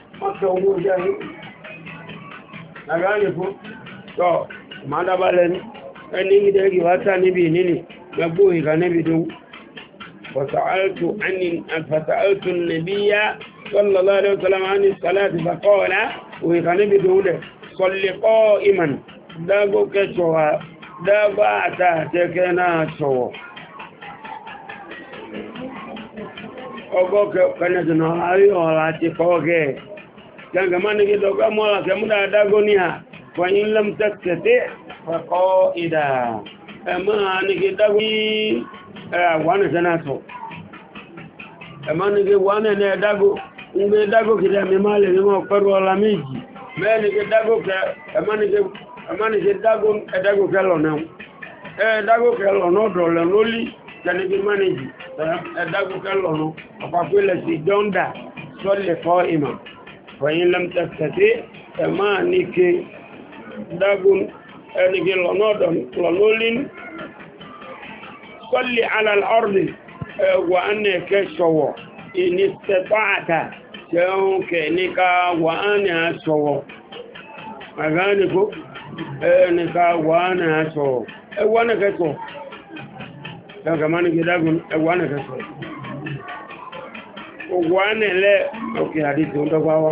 ọ̀tọ̀ owó iṣẹ́ yìí lágbàáyé fún tọ́ ìmọ̀dábalẹ̀ ní ẹni ìdẹ́gì wá tà níbi ìnílì gbogbo ìkà níbi tó fàtàltù nàbíyá sọ́lọ́lọ́ alẹ́sọ́lámání sọ́láti fàkọ́ọ̀lá níbi tó dẹ̀ gangamani kidogo mola kemuna dagonia wa in lam tastati fa qaida ama ni kidagoni eh, wana sanato ama ni wana ne dago ngbe dago kida me male ni mo peru ola méjì me ni dago ke ama ni ama ni dago dago ke lo na e eh, dago ke lo no do le loli tani ki manage dago ke lo no apa pe le si donda so le fo imam fẹ̀yìn lẹ́mtẹ̀tẹ̀tẹ̀ ẹ̀ máa ní ké dágún ẹnigi lọ́nọ́lín kọ́lì alàlọ́rìn ẹ̀wà ánẹ̀ kẹ́ sọ̀wọ̀ ìní tẹ̀tọ́àtà jẹun kẹ́ ní ká wà ánẹ̀ sọ̀wọ̀ àgáníkó ẹni ká wà ánẹ̀ sọ̀wọ̀ ẹwà ánẹ̀ kẹ́ sọ̀wọ̀ Ogwọ́ ánẹ̀ lẹ́ ọkẹ̀ àdíjì ń dọ́gbá wá.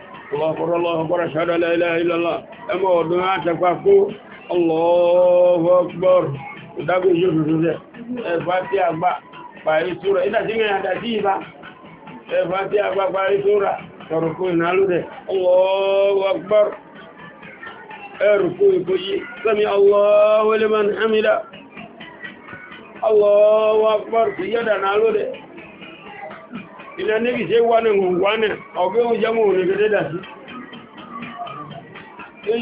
الله أكبر الله أكبر أشهد لا إله إلا الله أما ودعاء تكفو الله أكبر ìdágbé yóò rẹ̀ ẹ̀fà tí a gbà parí súra ìdá tí mẹ́rin àdájí ìbá ẹ̀fà tí a gbà parí súra ṣọ̀rọ̀kú ìnálúdẹ̀ Allahu akbar ẹ̀rùkú ìkóyí sami ilẹ̀ níbi tí wà ní wọ́nà ọgbẹ́ oúnjẹ mú ní gẹ́gẹ́ dàtí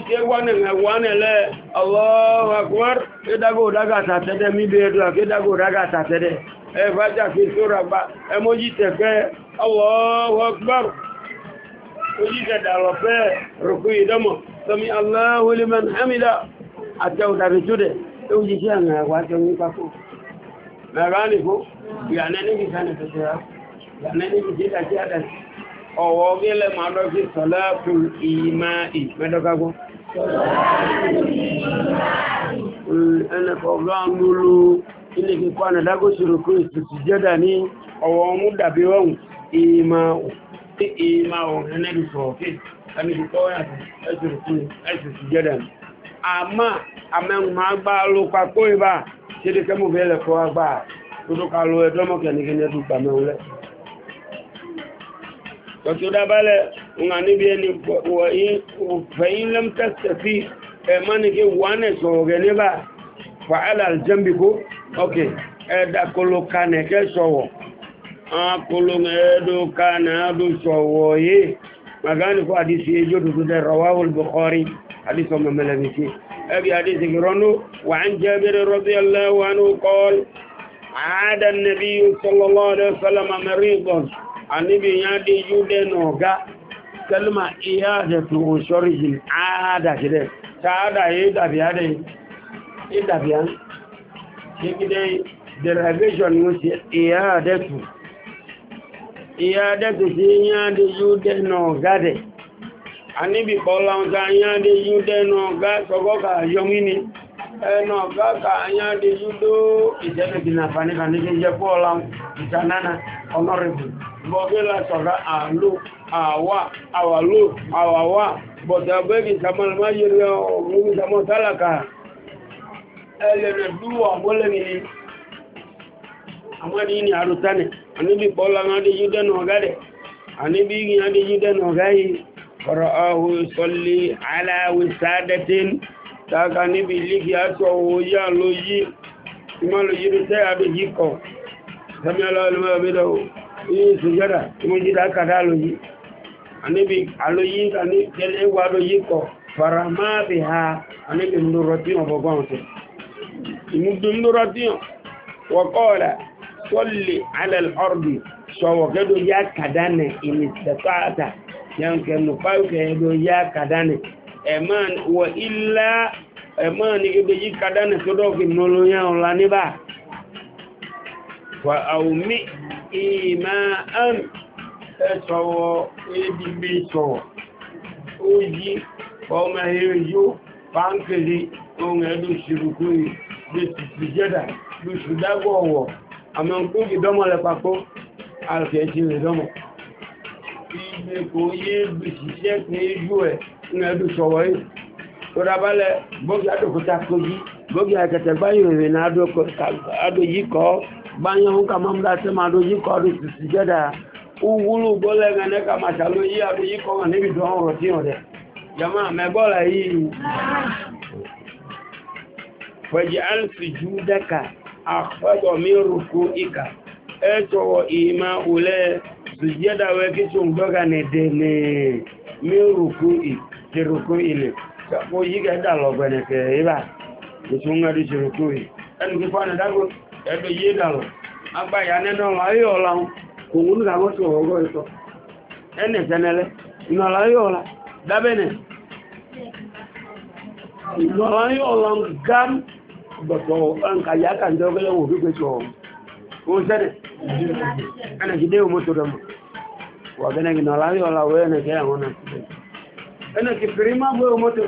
tí wà ní wọ́nà lẹ́ ọlọ́wọ́kúnmọ́r kédàgò dága tàtẹ́dẹ́ mi bèèrè kédàgò dága tàtẹ́dẹ́ ẹfàjà fi sóra bá ẹmójì tẹ̀fẹ́ ọlọ́wọ́kúnmọ́r ojí tẹ̀dàlọ́ fẹ́ rùkú ìdọ́mọ̀ sọmi aláwọlẹ́mọ̀ hamida àtẹ́wọ̀dàrí tó dẹ̀ tó jí sí àwọn àwọn àjọ nípa fún mẹ́rán nìkó lànàní ìjẹ́dàjí àdàtí ọ̀wọ́ gẹ́lẹ̀ máa lọ sí sọ́láàtù ìmá ìmẹ́dọ́gbọ́ ẹnẹ́kọ̀ọ́gbọ́nlúlú ilé kíkọ́ ànàdágóṣìrò kó ìsìtì jẹ́dà ní ọ̀wọ́ mú dàbí ọ̀hún ìmá ọ̀hún ẹnẹ́kì sọ̀ọ̀kì ẹnìkọ́ ẹ̀sìtì jẹ́dà ní àmà àmẹ́hùn agbá ló papó ìbá ṣe wacuda bale unganibie ni fain lam tastafi e manike wane sogene ba fa ala aljambi ko okay e da kolo kane ke sowo a kolo edo kane adu sowo ye magani ko hadisi e jodu de rawahu al-bukhari hadisi ma malabisi abi hadisi girono wa an jabir radiyallahu anhu qala عاد النبي صلى الله عليه وسلم مريضا annabi ya de yude no ga kalma iyadatu sharjil ada kide ta da yi da biya da yi da biya ke kide derivation mu ce iyadatu iyadatu shi ya de yude no ga de annabi bolan ta ya de yude no ga sogo ka yomini ẹnà ọ̀gáàkà ayáde yúdó ìjẹ́bẹ̀bìnà fàníkà ní jẹ́ jẹ́ fún ọlá ìjànánà honorable Bogela Sora Alu, Awa, Awalu, Awawa, Bọ̀dàgbẹ́gì Samalama yẹrẹ ọ̀gbọ́n Samal Tálàkà. Ẹlẹ́rẹ̀ dúwọ̀ àbọ́lẹ̀ nìyí. Àwọn ẹni àrùtánẹ̀, àníbi Bọ́lá náà dé Júdẹ́ náà gádẹ̀, àníbi igi náà dé Júdẹ́ náà gáyé. Ọ̀rọ̀ ọ̀hún sọ́lé aláwẹ̀ sáádẹ́tẹ́ tààkà níbi ìlíkì àtọ̀ owó yá lóyí, ìmọ̀ lóyí ní sẹ́yà bí ní sùjọ́dà tí mo jí dákàdá lóyí aníbi alóyí àní jẹ́lẹ̀ wà lóyí kọ fara máa bè ha aníbi ńlọrọtíyàn bọ̀bọ̀ ọ̀tẹ̀ ìmúdú ńlọrọtíyàn wọ́kọ́ọ̀lá sọ́lì alẹ́lọ́rọ̀dì sọ̀wọ́ kẹ́dọ̀ yá kàdánẹ̀ ìmìtẹ̀tàtà yankẹ́ nùpáwù kẹ́dọ̀ yá kàdánẹ̀ ẹ̀mán wọ ilá ẹ̀mán ní kẹ́dọ̀ yí kàdánẹ̀ tó ìmáàn ẹ̀sọ̀wọ̀ ebìgbì sọ̀wọ̀ ó yí ọmọ èyíó pàǹkèrè ohun ẹ̀lú ṣìrùkú lẹ́tìtì jẹ́dà lóṣù dágbọ́ ọ̀wọ̀ àmọ́ kúrì dọ́mọ̀ lẹ́pàpọ̀ alùkẹ́jì rẹ̀ dọ́mọ̀ ìgbè kò yé bìṣìṣẹ́ pé yú ẹ̀ ń ẹ̀lú sọ̀wọ̀ yìí tó dábálẹ̀ rẹ̀ náà banya huka mamda sema do yiko do sijada uwulu bole ngane kama chalo yi adu yiko ngane bi do oro ti ode jamaa me bola yi waj'al sujudaka akhfadu min ruku'ika eto ima ule sujada we kichun doga ne dene min ruku'i ti ruku'i ne ko yiga da lo gbeneke iba kichun ngadi ruku'i en ki fana dago ẹ̀dọ̀ yé dàrọ̀ agbáyà nínú ọ̀rọ̀ ayé ọ̀la kò wúlù àwọn tó ọgọ́ ìtọ́ ẹnì sẹ́nẹlẹ́ ìnọ̀lá ayé ọ̀la dábẹ́nẹ̀ ìnọ̀lá ayé ọ̀la gán gbọ̀tọ̀ nkàyà kàndé ọgọ́lẹ̀ wò gbígbé tó ọ̀hún òun sẹ́nẹ̀ ẹnì kìdé òmótò rẹ̀ mọ̀ wà gẹ́nẹ̀ ìnọ̀lá ayé ọ̀la wọ́ ẹnì kẹ́ àwọn náà ẹnì kìfìrí má gbé òmótò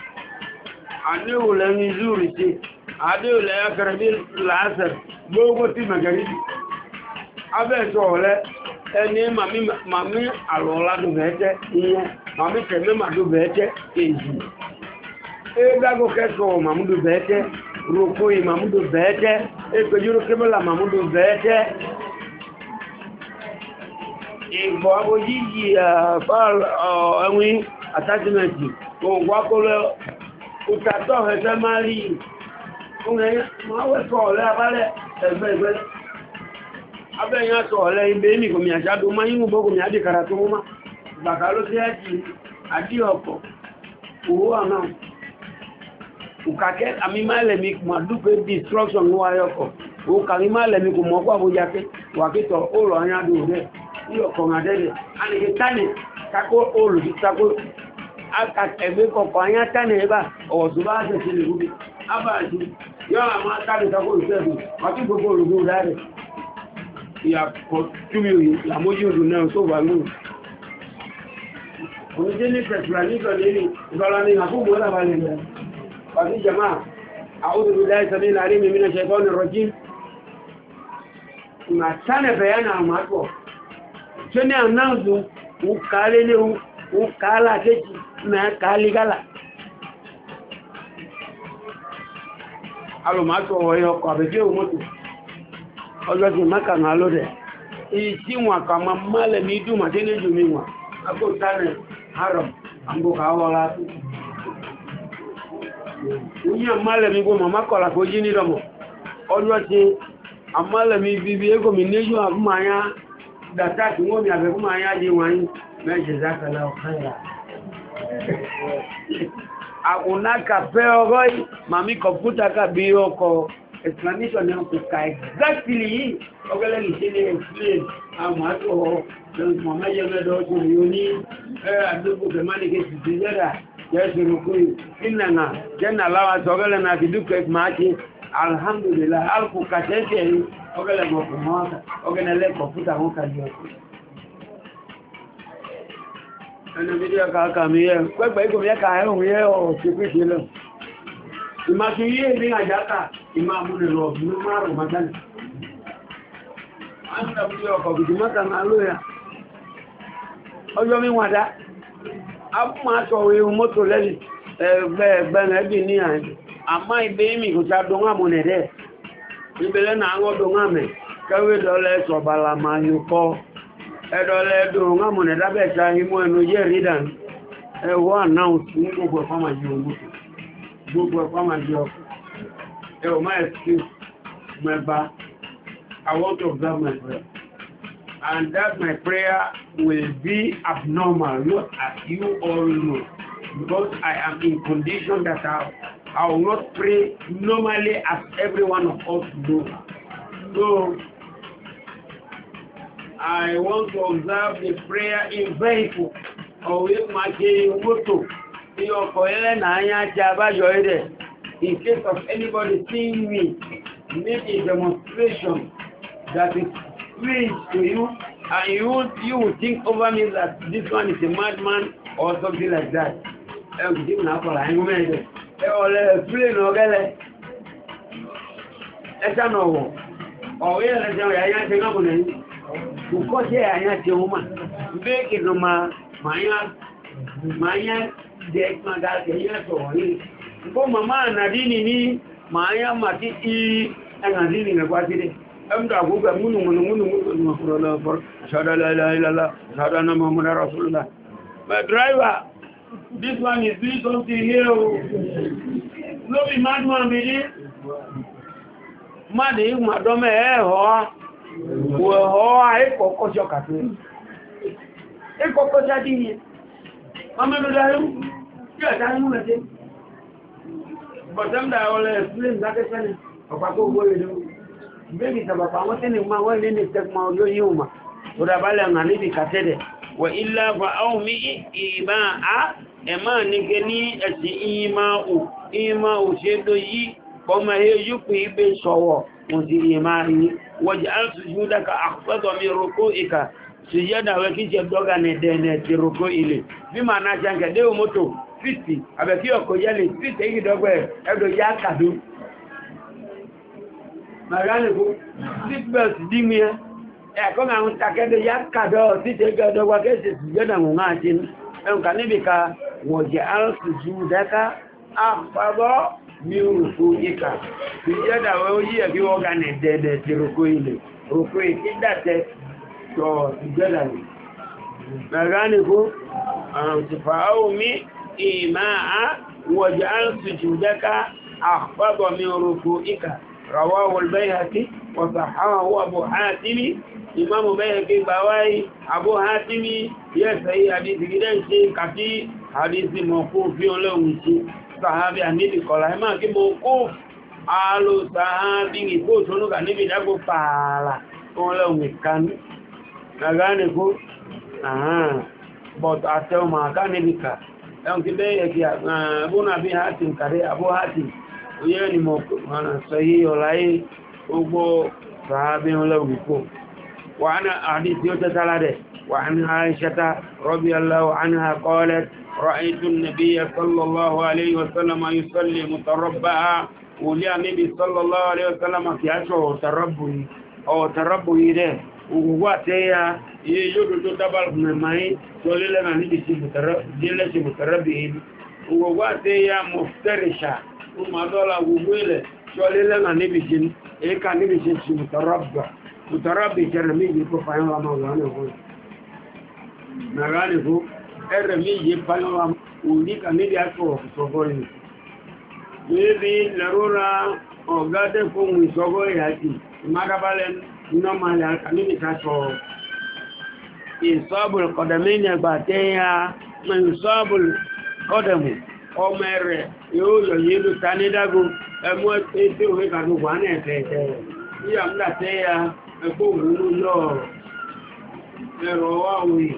anewu le nizuri ti adewu akara bi laser gbogbo ti magari abe so ole eni mami mami alola do bete iye mami teme ma do bete eji e gago ke so mami do bete ruko i mami do bete e pe yuro ke mala mami do bete e bo abo ji ji pa o enwi attachment ko gwa ìtàtọ̀ ẹ̀fẹ́ máa rí ìrìn máa wẹ́tọ̀ ọ̀lẹ́ abálẹ̀ ẹgbẹ́ ìgbẹ́ abẹ́yìn àtọ̀ ọ̀lẹ́ ibẹ̀ ní kòmí àjádó máa yíwò bó kòmí àdìkàrà tó mọ́ bàkà ló sí ẹ̀jì àdí ọ̀pọ̀ owó àná òkàkẹ́ àmì máa lẹ̀mí mà dúpẹ́ destruction ló wáyé ọkọ̀ òkàmí máa lẹ̀mí kò mọ́ pàbó yaké wàkítọ̀ ó lọ ayádó rẹ̀ ní ọkọ̀ akàtẹ̀gbé kọ̀kọ̀ ayá tánà ẹbá ọ̀wọ̀tú bá ṣe sí lèrúbí abájú yọ́ àwọn akàtẹ̀kọ́ ìṣẹ́gun wàtí gbogbo olùgbò rẹ̀ ìyàkọ̀ túbí òyìn làmójú òdù náà tó wà ní oníjẹ́ ní pẹ̀tùrà nígbà lérí ìbára ní àkókò ọlàbalẹ̀ rẹ̀ wàtí jama àwọ́dù bí láì sọ́dí láàrin mímí náà ṣe kọ́ni rọjí ìmà tánà bẹ̀yà náà máa pọ̀ tó ní àná ń kààlà kéjì mẹ́ kààlìgálà alùmátọ̀ ọ̀yọ́ ọkọ̀ àbẹ̀jẹ́ òmọ́tò ọjọ́sìn mẹ́kà náà lóde èyí tí wọn kà máa mọ́lẹ̀ ní ìdúmà tí ní jùmí wọn agbóhùtánẹ̀ haram àgbóhà wọ́lá tó yíyàn mọ́lẹ̀ mi gbọ́ màmá Akunaka peoroi, mami computer ka bioko. Explanation ni kuka exactly. Ogele ni se ni explain. Ama to don mama je me do ko yoni. Eh adubu ke mani ke tijera. Yesu ruku inna jana lawa sogele na kiduke maji. Alhamdulillah alku katete ogele mo kumaka. Ogele le computer mo ka yoni. ẹnu bí díẹ̀ mi yẹ pẹ́gbẹ̀ ikú mi yẹ kàáhùn yẹ ọ̀ṣẹ́pẹ́ṣẹ́ lọ ìmá ti yí èmì àjáta ìmá múlẹ̀ lọ ọ̀bùnú ọjọ́ mi wà dá abúmọ̀ aṣọ mọ́tò ní mi kò ta dùn àmú nẹ̀dẹ́ ìbẹ̀lẹ́ náà àwọn dùn sọ̀bàlàmà yóò kọ́ ẹ̀dọ̀lẹ̀ dùn wọn mọ̀ nẹ̀dábẹ̀ta imú ẹnu yẹ́ rídàn ẹwọ́ ànáhùn ní gbogbo ẹ̀kọ́ máa jẹ ogun gbogbo ẹ̀kọ́ máa jẹ ọkọ̀ ẹwọ máa ẹ̀sí mẹ́ba I want to observe my prayer and that my prayer will be abnormal not as you all know because I am in condition that I, I will not pray normally as every one of us do so I want to observe the prayer in vehicle or with my moto. In your in case of anybody seeing me, make a demonstration that is strange to you, and you would, you would think over me that this one is a madman or something like that. Ẹ̀sán ọ̀wọ̀, ọ̀wọ̀ ìrẹsẹ̀ ọ̀yà yá ń ṣe náà kò lẹ́yìn ukose anachouma mbeke no ma manya manya dekma dake yato ni mbo mama na dini ni manya mati i ana dini na kwa kile amda aguga munu munu munu munu makurala for shada la ilaha illallah shada na muhammad my driver this one is doing something here no be madman be mad you madome eh ho Wọ́n àìkọ̀ọ́kọ́ jọ kàtún. Ìkọ̀ọ́kọ́ jáde ni. Ọmọ ìlú dáyú, kí ẹ̀dá inú mẹ́tẹ́. Bọ̀tẹ́mdà ọlẹ́ ìfúlẹ̀ ìdákẹ́sẹ́ ni, ọ̀pàkó owó rẹ̀ lọ. Bébì tàbàpà wọ́n tí ni máa wọ́n ní ní tẹ́kùnmọ́ ọjọ́ yíò mà. Ó dàbálẹ̀ àmà níbi kàtẹ́dẹ̀. Wà ilá fa áhùn mi ìbá a ẹ̀má nìkẹ́ ní ẹ̀sìn ìyímá ò, ìyímá ò ṣe tó yí, ọmọ ẹ̀yọ́ yúkù مزيري ماهي واجعل سجودك أخفض من ركوعك sujada weki je doga ne dene ti ruko ile bi mana janka de o moto fiti abe ki oko yele fiti yi dogbe e do ya kadu magale ko sit belt di mi e ko ya kado ti te ga dogwa ke se sujada mo ngatin en kanibi àpapọ̀ ní òrùkú ìkà tí jẹ́dà wẹ́ ó yíyẹ̀ kí wọ́n ga nẹ̀dẹ̀ẹ̀dẹ̀ ti rùkú ilẹ̀ rùkú ìkídàtẹ̀ tọ̀ ìjẹ́dà ní mẹ́gánikú àǹtìfà omi ìmá a wọ̀jẹ́ á ń sùjúdẹ́ká àpapọ̀ ní òrùkú ìkà رواه البيهقي وصححه أبو حاتم إمام بيهقي بواي أبو حاتم يسعي sàhábí àníbì kọ̀lá ẹ máa kí mo kó àlò sàhábí ìgbó òṣónúkà níbi ìdágbò na ohun lẹ́hùn ìkanú nàgánìkó but àtẹ́wọ̀n àkánìbìkà ẹ̀hùn kí bẹ́ẹ̀ kí àbúnàbí hàtì kàrí ha hàtì oyé ni mo sọ yí وعن عائشة رضي الله عنها قالت رأيت النبي صلى الله عليه وسلم يصلي متربعا ولي النبي صلى الله عليه وسلم في عشره تربي أو تربي ده وقواتها يجد تبال من معي تولي لنا نبي جلس متربي وقواتها مفترشة وما دولا وقوله تولي لنا نبي جن إيه كان متربي كرمي يكون فاهم الله مولانه na gane ko ɗan yi balwa wuri ka ne da ya kawo sogori ne bi larura ọ̀gádẹ́ fóhun ìṣọ́gọ́ ìyàjì ìmágábálẹ̀ nọ́mà ìyàkà níbi káṣọ ìṣọ́bùl kọ̀dẹ̀mí ní ẹgbà tẹ́yà ìṣọ́bùl kọ̀dẹ̀mù ọmọ rẹ̀ yóò yọ yìí ló ta ní wà òyìn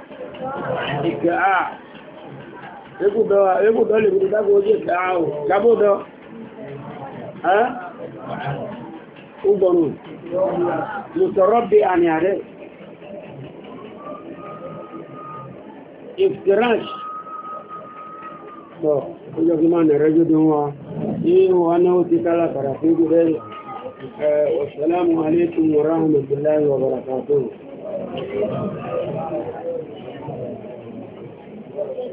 ike a egwudọ libido dago oge ka ahụ gabụdọ ụgbọrọ mụtọrọbi anyarị iftirash tọ ojú ọgbọ́n máa nẹ̀rẹ́ jódó wọn ní wọn náà ó ti kálá kàrà fún gúrẹ́ wassalamu alaikum wa